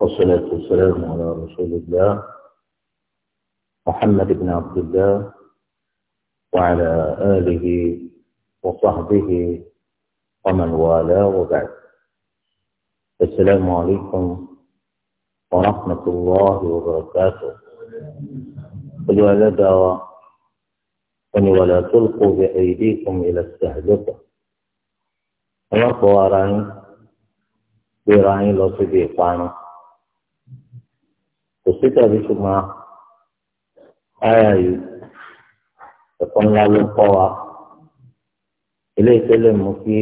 والصلاة والسلام على رسول الله محمد بن عبد الله وعلى آله وصحبه ومن والاه وبعد السلام عليكم ورحمة الله وبركاته قل ولا تلقوا بأيديكم إلى التهلكة الله رأي برأي لصديقانه sí tàbí ṣùgbọ́n ara yìí ẹ̀kọ́ ńlá ló kọ́ wa eléyìí tó lè mú kí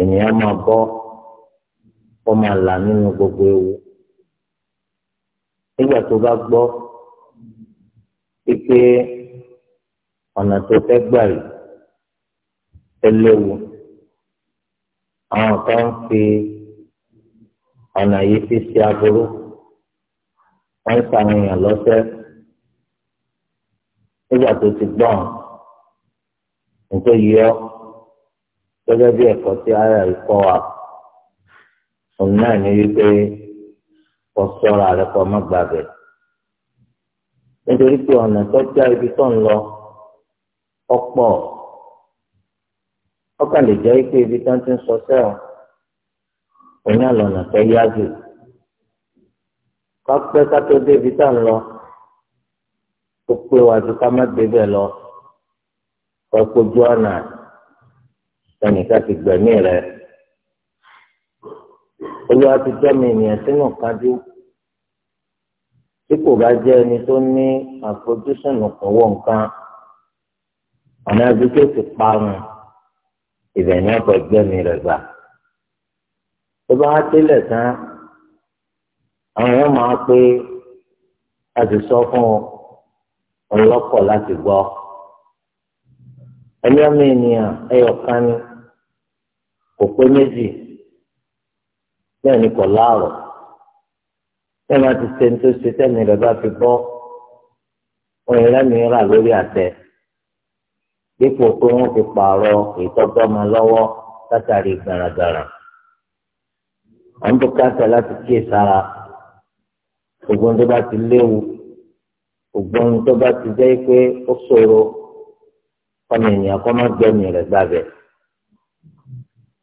ènìyàn máa bọ́ kó máa là nínú gbogbo ewu nígbà tó bá gbọ́ pípé ọ̀nà tó fẹ́ gbà yìí ẹ léwu àwọn kan fi ọ̀nà yìí fi ṣe aburú wọ́n ń pa àwọn èèyàn lọ́sẹ̀ nígbà tó ti gbọ́n nǹkan yìí ọ́ gẹ́gẹ́ bí ẹ̀kọ́ tí ara ìkọ́ wa òun náà ní wípé kò sọ́ra rẹ̀ kò má gbàgbẹ́ nítorí pé ọ̀nà tó já ibi tó ń lọ ọ̀pọ̀ ọkàn lè jẹ́ pé ibi tó ń ti ń sọ sẹ́wọ̀n òun náà lọ́nà tó yá jù ká pẹ́ ká tó débi tá ń lọ ó pé wá ju ká má débẹ̀ lọ ẹ kojú ọ̀nà ẹnìkan ti gbẹ̀mí rẹ olúwa ti jẹ́mi ènìyàn sínú kájú tí kò bá jẹ́ ẹni tó ní àfojúsùn òkòwò nǹkan ọ̀nà àdúgbò ti parun ìbẹ̀yìn ọ̀pọ̀ gbẹ̀mí rẹ̀ gbà tó bá wá délẹ̀ tán àwọn èèyàn máa pé a sì sọ fún ọlọ́kọ̀ láti gbọ́ ẹni ọmọ ènìyàn ẹyọkan ni kò pé méjì bẹ́ẹ̀ ni kò láàrọ̀ bẹ́ẹ̀ máa ti ṣe ní tó ṣe tẹ́mi rẹ̀ bá fi bọ́ òyìn lẹ́mìí rà lórí àtẹ dípò pé wọ́n fi pààrọ̀ ìtọ́gbọ́mọ lọ́wọ́ látàrí gàràgàrà àwọn bùkátà láti kíyè gbogbo ohun tó bá ti léwu gbogbo ohun tó bá ti jẹ́ pé ó ṣòro ọmọ ènìyàn kọ́ má gbẹ̀mí rẹ̀ gbàgbẹ́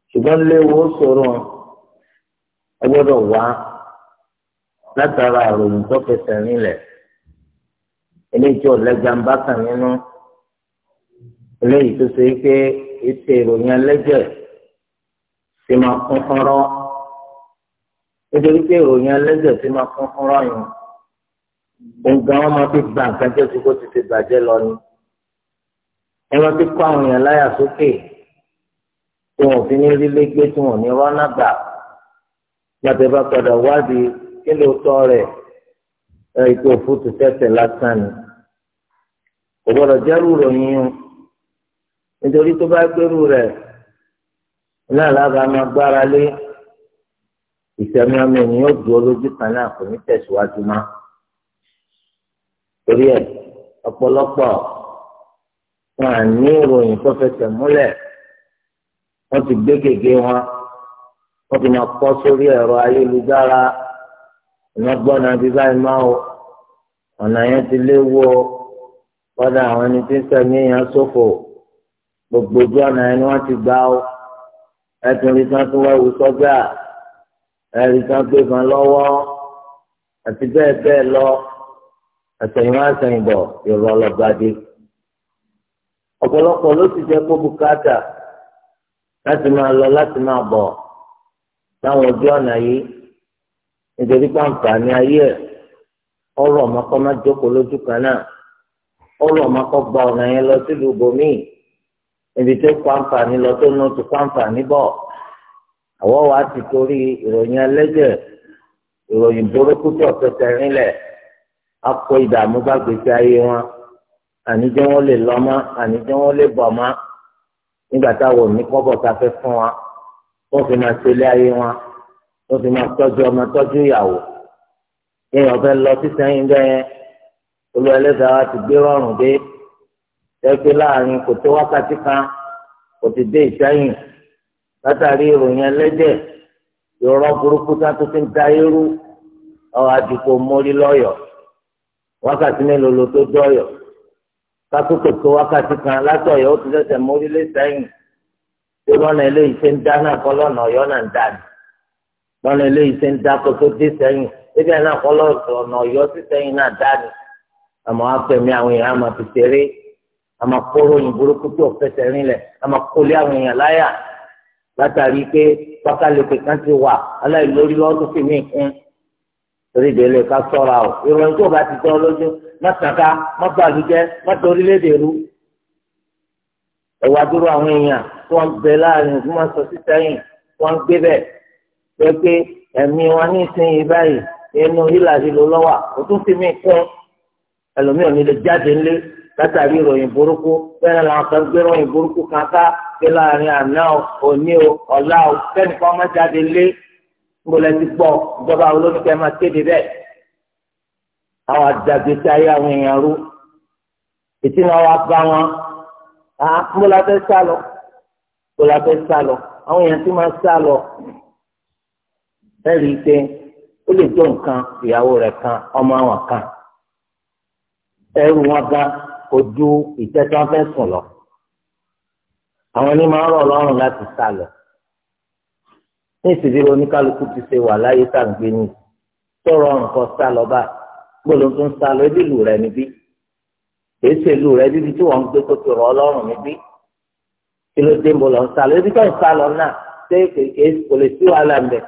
ṣùgbọ́n léwu ó ṣòro ẹ gbọ́dọ̀ wá látara àròyìn tó nílẹ̀ eléyìí nínú eléyìí nítorí pé ìròyìn ẹlẹ́jẹ̀ tí máa kún fún rọ́yìn òǹgà wọn máa fi gba nǹkan jẹ́ tí kò ti ti bàjẹ́ lọ ni ẹ máa fi kó àwọn èèyàn láyà sókè tí wọn ò fi ní rí légbé tí wọn ò ní rọ́nà gbà yàtọ̀ bá padà wádìí kí ló tọ́ rẹ̀ ètò òfútu tẹ̀tẹ̀ lásán ni kò gbọ́dọ̀ jẹ́rù ròyìn o nítorí tó bá gbèrú rẹ̀ náà lábàá máa gbára lé ìsẹ̀mí ọmọ ènìyàn dúró lójú kan náà kò ní tẹ̀síwájú má. torí ẹ̀ ọ̀pọ̀lọpọ̀ wọn à ní ìròyìn tó fẹsẹ̀ múlẹ̀ wọ́n ti gbé gègé wọn wọ́n ti máa kọ́ sórí ẹ̀rọ ayélujára ọ̀nà gbọ́nà bí báyìí máa o ọ̀nà yẹn ti léwu o kọ́dà àwọn ẹni tí ń sẹ̀mí yẹn ṣòfò gbogbo ojú ọ̀nà yẹn ni wọ́n ti gbá o ẹ̀tùn rí sanwó-ẹ̀wù sọ́jà. ẹ̀rí kan gbé kan lọ́wọ́ àti bẹ́ẹ̀ bẹ́ẹ̀ lọ àtẹ̀yìnwá àtẹ̀yìnbọ̀ ìrọ̀ lọ́gbàdé. ọ̀pọ̀lọpọ̀ ló ti jẹ́ kó bùkátà láti máa lọ láti máa bọ̀ láwọn ojú ọ̀nà yìí nítorí pàǹfààní ayé ẹ̀ ọ̀rọ̀ ọ̀mọ́kọ́ má jókòó lójú gba ọ̀nà lọ sílùú bòmíì lọ tó àwọ̀ wa ti torí ìròyìn ẹlẹ́jẹ̀ ìròyìn burúkú tó ọ̀sẹ̀sẹ̀ rinlẹ̀ akọ ìdààmú bá gbèsè ayé wọn àníjẹ́ wọn lè lọ́mọ́ àníjẹ́ wọn lè bọ̀ mọ́ nígbà táwọn òní kọ́bọ̀ ta fẹ́ fún wa wọ́n fi máa ṣẹlẹ̀ ayé wọn wọ́n fi máa tọ́jú ọmọ tọ́jú ìyàwó yẹ́n ọ̀fẹ́ lọ sí sẹ́yìn bẹ́ẹ̀ olú ẹlẹ́dàá wa ti gbé rọrùn dé ẹgbẹ́ láàrin kò tó wákàtí kan kò ti dé ìsẹ́yìn látàrí ìròyìn ẹlẹ́dẹ̀ ìrọ̀ burúkú tá tó ti ń da irú ọ̀rọ̀ àdìpọ̀ mórí lọ́yọ̀ wákàtí mélòó ló tó dọ́yọ̀ kákókò tó wákàtí kan látọ̀yọ̀ ó ti sẹ̀sẹ̀ mórí lé tó lọ́nà eléyìí ṣe ń dá náà kọ́ lọ́nà ọ̀yọ́ náà ń dà ní lọ́nà eléyìí ṣe ń dá kó tó dé sẹ́yìn kọ́ lọ́nà ọ̀yọ́ sí sẹ́yìn náà dá ní àmọ́ afẹ́mi àwọn èèyàn àmọ́ fi ṣeré àmọ́ kóró òyìnbó látàrí pé pákáleke kan ti wà aláìlórí lọ́dún sì mí kún torí ìdílé ká sọ́ra o ìròyìn tó bá ti tọ́ lójú má tàka má bàlújẹ́ má torí lédè rú ẹ̀wà dúró àwọn èèyàn tí wọ́n bẹ láàrin tí wọ́n sọ síta yìí wọ́n gbé bẹ̀ pé pé ẹ̀mí wọn ní ìsinyìí báyìí inú hílàhílò lọ́wà òtún sì mí kún ẹlòmíràn ní lè jáde ńlé látàrí ìròyìn burúkú bẹ́ẹ̀ làwọn kan gbé ìròyìn burúkú kan ká pé láàrin àná o òní o ọ̀la o sẹ́ni kan má jáde lé gbọ́dọ̀ ti gbọ́ ìjọba olómìnkẹ́ máa kéde bẹ́ẹ̀. àwọn àdàgbèsè ayé àwọn èèyàn rú ètí náà wá bá wọn à gbọ́dọ̀ fẹ́ sá lọ gbọ́dọ̀ fẹ́ sá lọ àwọn èèyàn tí máa sá ẹ̀rí pé ó lè tó nǹkan ìyàwó rẹ̀ kan ọmọ àwọn kan ẹrù wọn gan kò ju ìtẹ́tọ́ fẹ́ sùn lọ àwọn ní máa ń rọ̀ lọ́rùn láti sá lọ ní ìsìdíro oníkálukú ti ṣe wà láyé sàgbé ni tọrọ nǹkan sá lọ bá gbọ́dọ̀ tó ń sá lọ ebi lù rẹ níbí èyí ṣe lù rẹ bíbi tí wọ́n ń gbé tó ti rọ̀ ọlọ́run níbí kí ló dé ń bọ̀ lọ ń sá lọ ebi tó ń sá lọ náà ṣé kèké kò lè sí wàhálà ń bẹ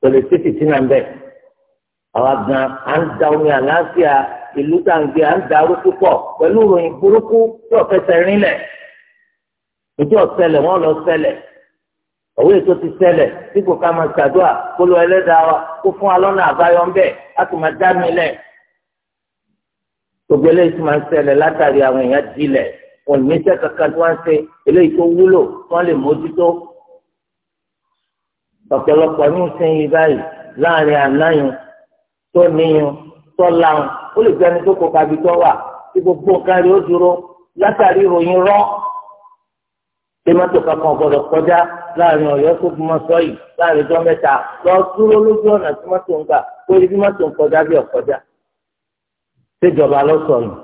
kò lè sí fìtínà ń bẹ àwa gan à ń da omi àlàáfíà ìlú tàǹgbé à ń darú púpọ̀ pẹ̀lú ìròyìn burúkú tí ọ̀fẹ́ sẹ́rin lẹ̀ ètò ọ̀sẹ̀lẹ̀ wọ́n lọ sẹlẹ̀ òwe ètò ti sẹlẹ̀ tí kò ká máa ṣàdúrà kó lọ ẹlẹ́dàá wa kó fún wa lọ́nà àbáyọ ńbẹ̀ á sì máa dá mi lẹ̀ gbogbo eléyìí tí máa ń sẹlẹ̀ látàrí àwọn èèyàn dilẹ̀ wọn ní iṣẹ́ kankan tí wọ́n ṣe eléyìí tó wúlò wọ́n lè mójútó ọ̀pọ̀lọpọ̀ ní ìsinyìí báyìí láàrin ànáyùn tó níyùn tó láhùn ó lè gbé ẹni tó kó kabi tó wà tí gbogbo kárí ó dúró látàrí ìròyìn rọ tèmátò kankan gbọ́dọ̀ kọjá láàrin Ọ̀yọ́ tó fi mọ sọ yìí láàrin ọjọ́ mẹ́ta lọ dúró lójú ọ̀nà tí mọ́tò ń gbà ó rí bí mọ́tò ń kọjá bí ọ̀kọjá ṣèjọba lọ sọ yìí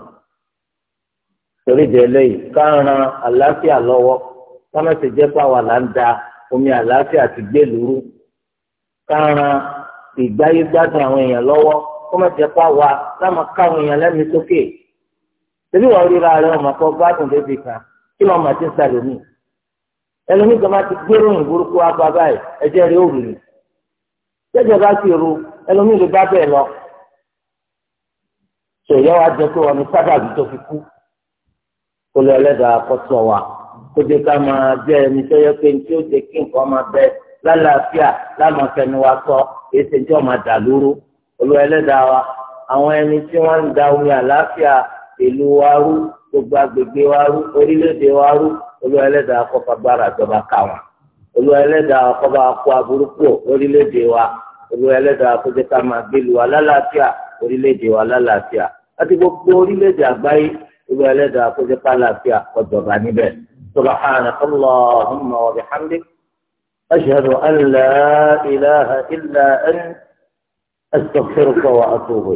torí de eléyìí ká ran àlàáfíà lọ́wọ́ ká má ṣe jẹ́ omi àlàáfíà ti gbé lùrú ká ìgbáyé gbádùn àwọn èèyàn lọ́wọ́ kó má jẹ́ pa wá láwọn káwọn èèyàn lẹ́nu sókè tẹ̀lé wàá ríra rẹ ọmọ kan gbádùn débi kan kí lọ́ọ́ máa ti ń sàlómi ẹlòmí gbọ́dọ̀ ti gbéròyìn burúkú wá gba báyìí ẹ̀jẹ̀ rẹ ò rìn jẹ́jẹ́ bá ti ru ẹlòmí lè bá bẹ́ẹ̀ lọ tòyẹ́ wa jẹ́ pé wọn ni sábàbí tó fi kú kó lọ ẹlẹ́dàá kọ́tọ̀ wa kó jẹ́ ká máa jẹ́ ẹni tó yẹ pé tí ó jẹ́ kí nǹkan máa bẹ lálàáfíà lámàfẹ́ni wa sọ èsì tí wọ́n máa dà lóró olúwa ẹlẹ́dàá wa àwọn ẹni tí wọ́n ń da omi àlàáfíà ìlú wa rú gbogbo agbègbè wa rú orílẹ̀-èdè wa rú olúwa ẹlẹ́dàá kọ́ba gbára àjọba ká wọn olúwa ẹlẹ́dàá kọ́ba kó aburú kúrò orílẹ̀-èdè wa olúwa ẹlẹ́dàá kó jẹ́ ká máa gbé lu wa lálàáfíà orílẹ̀-èdè wa lálàáfíà àti gbogbo orílẹ̀-èdè àgbáyé olúwa ẹlẹ́dàá kó jẹ́ ká lálàáfíà ọjọba níbẹ̀ subhanaka Allahumma أستغفرك وأتوب